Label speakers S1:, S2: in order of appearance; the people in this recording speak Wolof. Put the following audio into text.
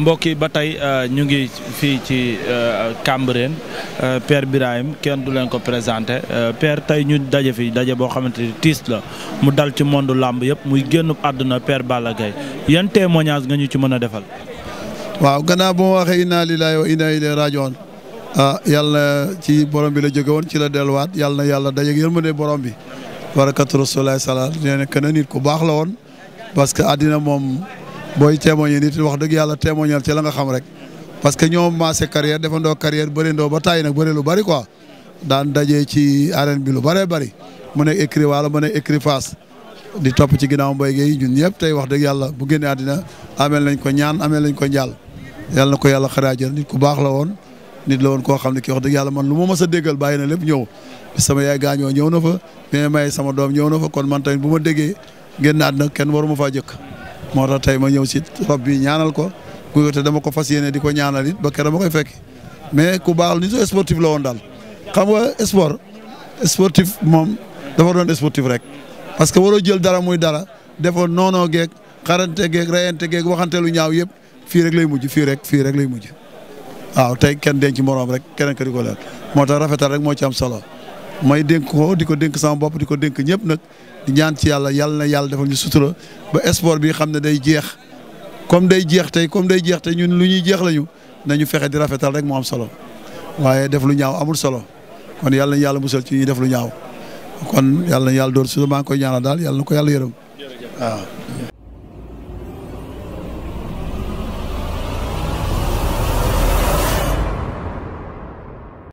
S1: mbokk yi ba tey euh, ñu ngi fii ci euh, Cambérène euh, per Birahim kenn du leen ko présenté per tey ñu daje fi daje boo xamante ni tiis la mu dal ci monde làmb yëpp muy génn àdduna per Balla Gaye yan témoignage nga ñu ci mën a defal.
S2: waaw gannaaw bu ma waxee inna lillahi wa inna ilayhi rajiun ah yàlla ci borom bi la jóge woon ci la delluwaat yàlla na yàlla daje ak yërmande borom bi. barakatu rasulilah salaam nee na nit ku baax la woon parce àddina moom. booy témoigner nit wax dëgg yàlla témoignal ci la nga xam rek parce que ñoo maase carrière defandoo carrière bërindoo ba tàyyi nag bëri lu bari ko daan dajee ci arène bi lu bëree bari mu nekk écrit wala mu nekk écrit di topp ci ginnaaw Mbaye Guèye ñun ñëpp tey wax dëgg yàlla bu génnee àddina ameel nañ ko ñaan amee lañ ko njàll yàlla na ko yàlla xaraajar nit ku baax la woon nit la woon koo xam ne ki wax dëgg yàlla man lu ma mës a déggal bàyyi na lépp ñëw sama yaay gaañoo ñëw na fa mais may sama doom ñëw na fa kon man bu ma déggee génn àddina kenn waruma faa jëkk moo ta tey ma ñëw si rob bi ñaanal ko ku te dama ko fas yéene di ko ñaanal it ba keroog ma koy fekk mais ku baax ni so sportif la woon daal xam nga sport sportif moom dafa doon sportif rek parce que waroo jël dara muy dara defoon noonoo geeg xarante geeg rayante geeg waxante lu ñaaw yëpp fii rek lay mujj fii rek fii rek lay mujj waaw tey kenn denc moroom rek keneen ko ko leer moo tax rafetal rek moo ci am solo. may dénk ko di ko dénk sama bopp di ko dénk ñëpp nag di ñaan ci yàlla yàlla na yàlla defal ñu sutura ba sport bi xam ne day jeex comme day jeex tey comme day jeex tey ñun lu ñuy jeex lañu nañu fexe di rafetal rek moo am solo waaye def lu ñaaw amul solo kon yàlla na yàlla musal ci def lu ñaaw kon yàlla yàlla doon sutura maa ngi koy ñaanal daal yàlla na ko yàlla yërëm waaw.